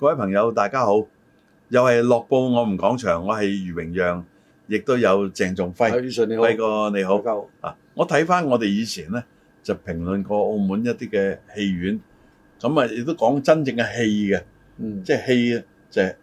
各位朋友，大家好！又係《樂報我唔講場》，我係余榮陽，亦都有鄭仲輝。李宇純你好，輝哥你好。啊，我睇翻我哋以前咧就評論過澳門一啲嘅戲院，咁啊亦都講真正嘅戲嘅，嗯，即係戲就係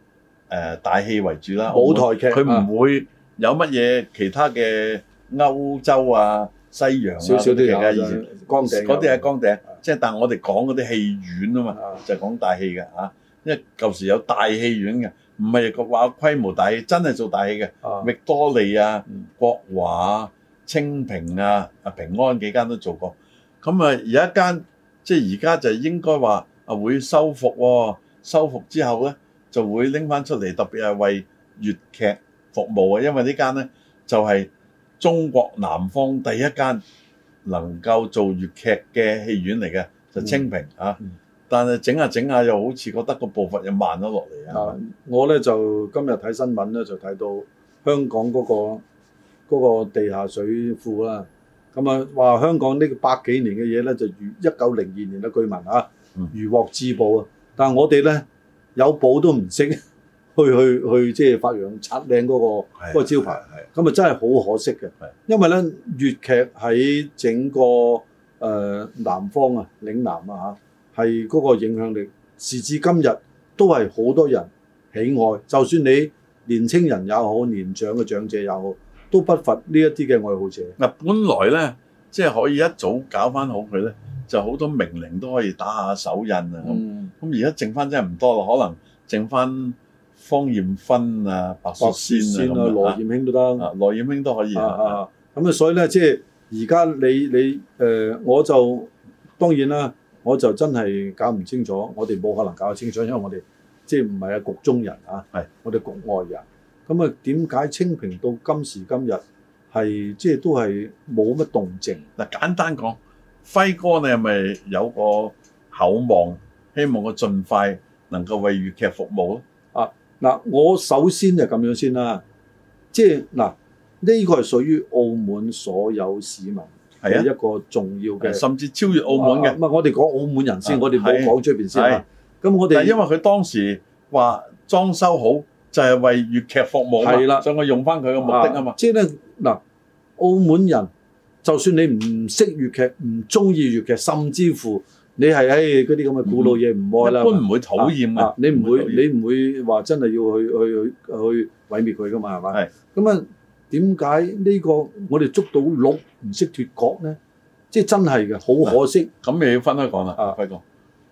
誒大戲為主啦。舞台劇啊，佢唔會有乜嘢其他嘅歐洲啊、西洋啊，少少啲嘅，以前嗰啲係崗頂，即係但係我哋講嗰啲戲院啊嘛，就係講大戲嘅嚇。因為舊時有大戲院嘅，唔係個話規模大，真係做大戲嘅，麥多利啊、國華、清平啊、啊平安幾間都做過。咁啊有一間即係而家就應該話啊會修復喎，修復之後呢就會拎翻出嚟，特別係為粵劇服務啊，因為呢間呢就係中國南方第一間能夠做粵劇嘅戲院嚟嘅，就清平啊。但係整下整下又好似覺得個步伐又慢咗落嚟啊！我呢就今日睇新聞呢，就睇到香港嗰、嗰個嗰、嗰個、地下水庫啦，咁啊話香港呢個百幾年嘅嘢呢，就如一九零二年嘅居民啊如、嗯、獲至寶啊！但係我哋呢，有寶都唔識去去去，去即係發揚擦靚嗰個嗰、嗰個、招牌，咁啊真係好可惜嘅，因為呢，粵劇喺整個誒、呃、南方啊、嶺南啊吓係嗰個影響力，時至今日都係好多人喜愛。就算你年青人也好，年長嘅長者也好，都不乏呢一啲嘅愛好者。嗱、啊，本來咧，即、就、係、是、可以一早搞翻好佢咧，就好多名伶都可以打下手印啊。咁咁而家剩翻真係唔多啦，可能剩翻芳艷芬啊、白雪仙啊、仙啊羅艷卿都得、啊啊，羅艷卿都可以、啊。咁啊，啊，啊，啊，啊，啊，啊，所以咧，即係而家你你誒、呃，我就當然啦。我就真係搞唔清楚，我哋冇可能搞得清楚，因為我哋即係唔係啊局中人啊，係我哋局外人。咁啊，點解清平到今時今日係即係都係冇乜動靜？嗱，簡單講，輝哥你係咪有個厚望，希望我盡快能夠為粵劇服務啊，嗱，我首先就咁樣先啦，即係嗱呢個係屬於澳門所有市民。係啊，一個重要嘅、啊，甚至超越澳門嘅。唔係，我哋講澳門人先、啊，我哋冇講出邊先。咁、啊啊啊、我哋，因為佢當時話裝修好就係為粵劇服務係啦，所以我用翻佢嘅目的啊嘛。即係咧嗱，澳門人就算你唔識粵劇，唔中意粵劇，甚至乎你係喺嗰啲咁嘅古老嘢唔愛啦、嗯，一般唔會討厭啊。唔會討厭，你唔會，你唔會話真係要去去去毀滅佢噶嘛係嘛？咁啊。點解呢個我哋捉到鹿唔識脱角咧？即係真係嘅，好可惜。咁你要分開講啦。啊，輝哥，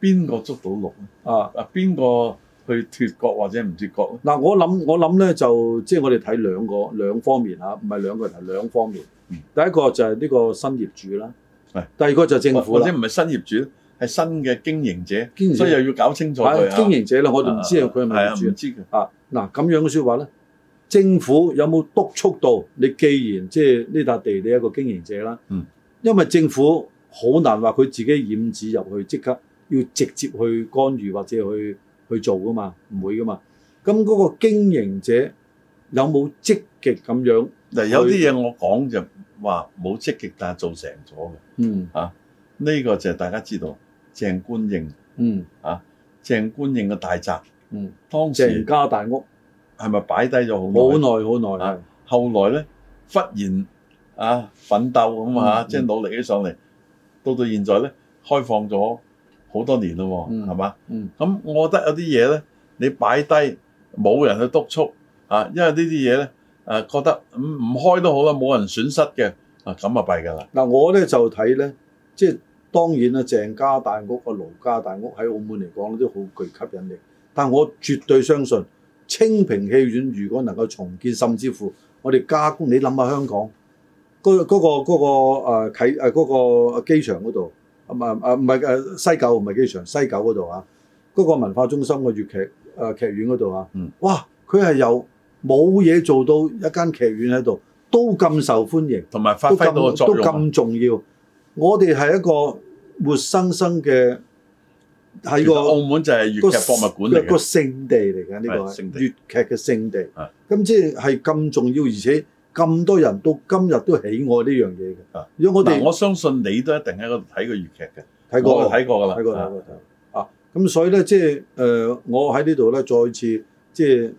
邊個捉到鹿啊？啊，邊個去脱角或者唔脱角？嗱、啊，我諗我諗咧，就即係我哋睇兩個兩方面嚇，唔係兩個人，兩方面。第一個就係呢個新業主啦。係、嗯。第二個就係政府。或，或者唔係新業主，係新嘅經營者。經營者。所以又要搞清楚。啊啊經營者咧，我哋唔知佢係咪業主知嘅。啊，嗱、嗯、咁、啊啊、樣嘅説話咧。政府有冇督促到你？既然即係呢笪地，你一個經營者啦，嗯，因為政府好難話佢自己染指入去，即刻要直接去干預或者去去做噶嘛，唔會噶嘛。咁嗰個經營者有冇積極咁樣？嗱，有啲嘢我講就話、是、冇積極，但係做成咗嘅，嗯，嚇、啊，呢、這個就係大家知道鄭觀應，嗯，嚇，鄭觀應嘅大宅，嗯，當時鄭家大屋。係咪擺低咗好耐？好耐好耐啊！後來咧，忽然啊奮鬥咁啊，即、嗯、係、就是、努力咗上嚟，到、嗯、到現在咧開放咗好多年咯喎，係嘛？嗯咁、嗯、我覺得有啲嘢咧，你擺低冇人去督促啊，因為呢啲嘢咧誒覺得唔唔開都好啦，冇人損失嘅啊，咁啊弊㗎啦。嗱，我咧就睇咧，即係當然啦，鄭家大屋個盧家大屋喺澳門嚟講都好具吸引力，但我絕對相信。清平戲院如果能夠重建，甚至乎我哋加工，你諗下香港嗰嗰、嗰個嗰、嗰個誒啟誒嗰個機場嗰度，唔係唔係誒西九唔係機場西九嗰度啊，嗰、嗰個文化中心個粵劇誒、啊、劇院嗰度啊，嗯、哇！佢係由冇嘢做到一間劇院喺度都咁受歡迎，同埋發揮到個作用都咁重要。啊、我哋係一個活生生嘅。喺個澳門就係粵劇博物館一個聖地嚟㗎，呢個粵劇嘅聖地。咁即係係咁重要，而且咁多人到今日都喜愛呢樣嘢嘅。如果我哋、啊、我相信你都一定喺度睇過粵劇嘅，睇過睇過㗎啦。啊咁，啊所以咧即係誒，我喺呢度咧再次即係、就是、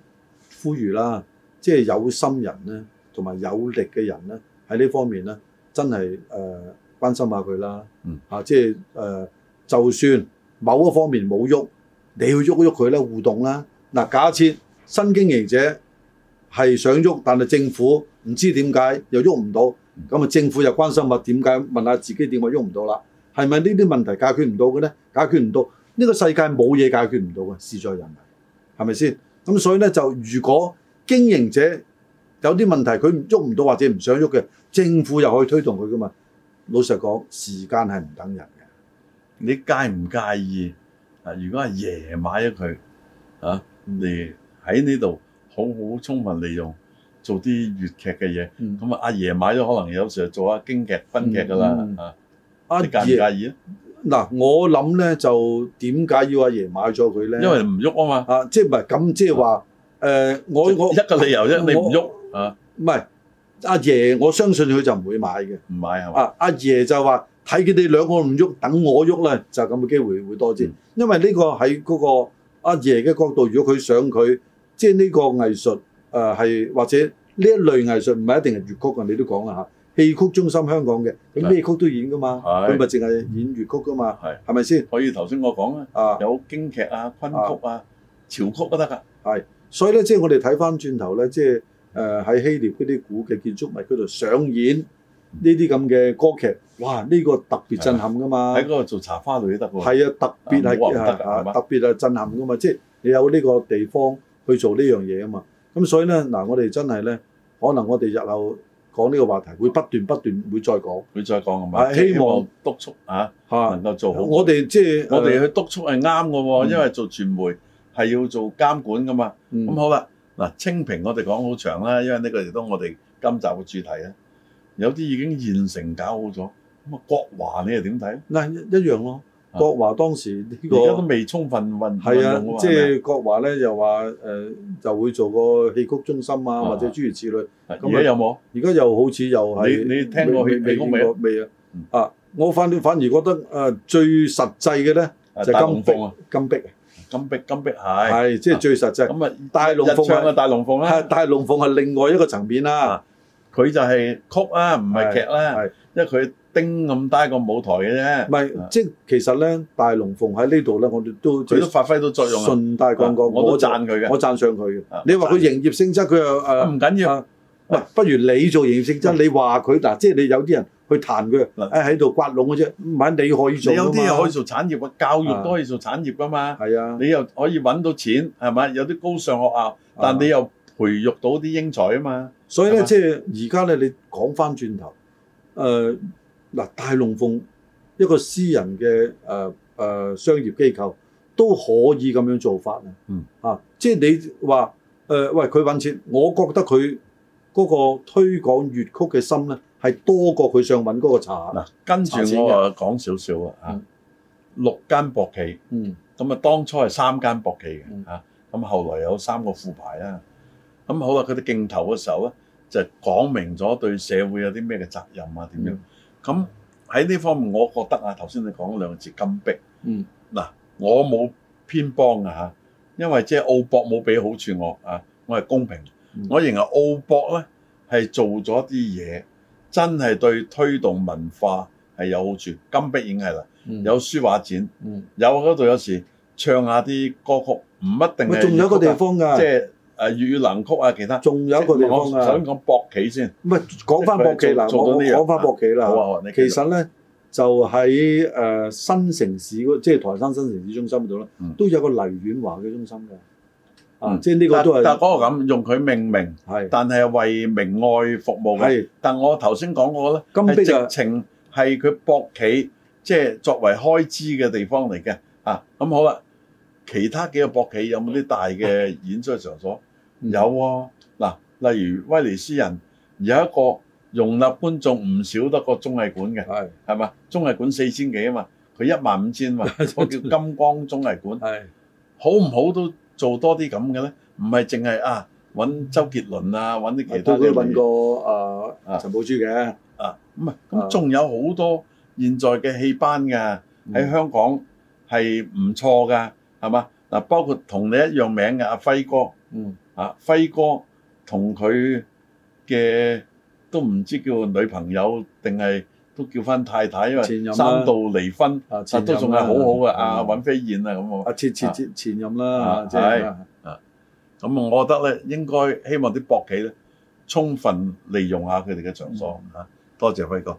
呼籲啦，即係有心人咧同埋有力嘅人咧喺呢方面咧真係誒、呃、關心下佢啦、嗯。啊，即係誒，就算。某一方面冇喐，你去喐喐佢咧互動啦。嗱，假設新經營者係想喐，但係政府唔知點解又喐唔到，咁啊政府又關心乜點解？問下自己點解喐唔到啦？係咪呢啲問題解決唔到嘅咧？解決唔到，呢個世界冇嘢解決唔到嘅，事在人為，係咪先？咁所以咧就如果經營者有啲問題佢喐唔到或者唔想喐嘅，政府又可以推動佢㗎嘛？老實講，時間係唔等人。你介唔介意啊？如果阿爺買咗佢，嚇、啊，你喺呢度好好充分利用，做啲粵劇嘅嘢。咁、嗯、啊，阿爺買咗，可能有時候做下京劇、分劇的、昆劇噶啦嚇。阿爺介唔介意啊？嗱，我諗咧就點解要阿爺買咗佢咧？因為唔喐啊嘛。啊，即係唔係咁即係話？誒、啊呃，我我一個理由，啫你唔喐啊，唔係阿爺，我相信佢就唔會買嘅。唔買係嘛？啊，阿爺就話。睇佢哋兩個唔喐，等我喐咧就咁、是、嘅機會會多啲，因為呢個喺嗰個阿爺嘅角度，如果佢想佢即係呢個藝術誒係、呃、或者呢一類藝術唔係一定係粵曲啊，你都講啦嚇，戲曲中心香港嘅咁咩曲都演噶嘛，佢咪淨係演粵曲噶嘛，係咪先？可以頭先我講啊，有京劇啊、昆曲啊、啊、潮曲都得㗎，係。所以咧，即係我哋睇翻轉頭咧，即係誒喺希臘嗰啲古嘅建築物嗰度上演。呢啲咁嘅歌劇，哇！呢、呢個特別震撼噶嘛，喺嗰度做茶花女得喎。係啊，特別係啊，別的啊，特別係震撼噶嘛，即、嗯、係、就是、你有呢個地方去做呢樣嘢啊嘛。咁所以咧，嗱，我哋真係咧，可能我哋日後講呢個話題會不斷不斷會再講，會再講係嘛希？希望督促啊，啊，能夠做好。我哋即係我哋去督促係啱嘅喎，因為做傳媒係要做監管噶嘛。咁、嗯、好啦，嗱，清平我哋講好長啦，因為呢個亦都我哋今集嘅主題啦。有啲已經現成搞好咗，咁啊國華你又點睇？嗱一樣咯，國華當時而家都未充分運運用啊。係啊，即係國華咧，又話誒就會做個戲曲中心啊，或者諸如此類。而家有冇？而家又好似又係你你聽過戲曲未？未啊，啊我反反反而覺得誒最實際嘅咧就係金碧金碧金碧金碧係係即係最實際。咁啊大龍鳳啊大龍鳳啦，大龍鳳係另外一個層面啦。佢就係曲啦、啊，唔係劇啦、啊，因為佢叮咁低個舞台嘅啫。唔係，即係其實咧，大龍鳳喺呢度咧，我哋都佢都發揮到作用。順帶講講、啊，我都讚佢嘅，我讚賞佢嘅。你話佢營業性質，佢又誒唔緊要。喂、啊啊啊啊，不如你做營業性質、啊啊啊，你話佢嗱，即係、啊就是、你有啲人去彈佢，誒喺度刮龍嘅啫，唔係你可以做。你有啲可以做產業嘅、啊，教育都可以做產業噶嘛。係啊，你又可以揾到錢係嘛？有啲高尚學校、啊，但你又培育到啲英才啊嘛。所以咧，即係而家咧，你講翻轉頭誒嗱、呃，大龍鳳一個私人嘅誒誒商業機構都可以咁樣做法啊！嗯啊，即係你話誒、呃、喂，佢揾錢，我覺得佢嗰個推廣粵曲嘅心咧，係多過佢想揾嗰個茶嗱、啊。跟住我講少少啊！嚇、嗯，六間博企，嗯，咁、嗯、啊，當初係三間博企嘅嚇，咁、嗯啊、後來有三個副牌啦、啊，咁好啊！佢哋競投嘅時候咧。就講明咗對社會有啲咩嘅責任啊點樣？咁喺呢方面，我覺得啊，頭先你講兩個字金碧，嗯，嗱，我冇偏幫啊嚇，因為即係澳博冇俾好處我啊，我係公平、嗯，我認為澳博咧係做咗啲嘢，真係對推動文化係有好處。金碧已經係啦，有書畫展、嗯嗯，有嗰度有時唱下啲歌曲，唔一定係。仲有一個地方㗎，即、就係誒粵語能曲啊，其他仲有一個地方啊，想、就是、講博企先。唔係講翻博企啦，講翻、這個、博企啦、啊。好啊，其實咧就喺誒、呃、新城市即係、就是、台山新城市中心嗰度啦。都有個黎婉華嘅中心嘅、嗯。啊，即係呢個都係。但係嗰個咁用佢命名，係，但係為明愛服務嘅。但我頭先講過咧，係直情係佢博企，即、就、係、是、作為開支嘅地方嚟嘅。啊，咁好啦。其他幾個博企有冇啲大嘅演出場所？啊有啊，嗱，例如威尼斯人有一個容納觀眾唔少得個綜藝館嘅，係咪啊？綜藝館四千幾啊嘛，佢一萬五千啊嘛， 我叫金光綜藝館，係好唔好都做多啲咁嘅咧？唔係淨係啊揾周杰倫啊揾啲其他嘅嘢，我都可以揾個陳寶珠嘅啊，唔係，咁、啊、仲、啊啊啊、有好多現在嘅戲班嘅喺、啊、香港係唔錯㗎。係嘛？嗱，包括同你一樣名嘅阿輝哥，嗯啊，輝哥同佢嘅都唔知叫女朋友定係都叫翻太太，因為三度離婚，但、啊、都仲係好好嘅。阿、啊、尹飛燕啊，咁啊，切切切，前前任啦，係啊，咁、啊啊、我覺得咧應該希望啲博企咧，充分利用下佢哋嘅場所吓、嗯啊。多謝輝哥。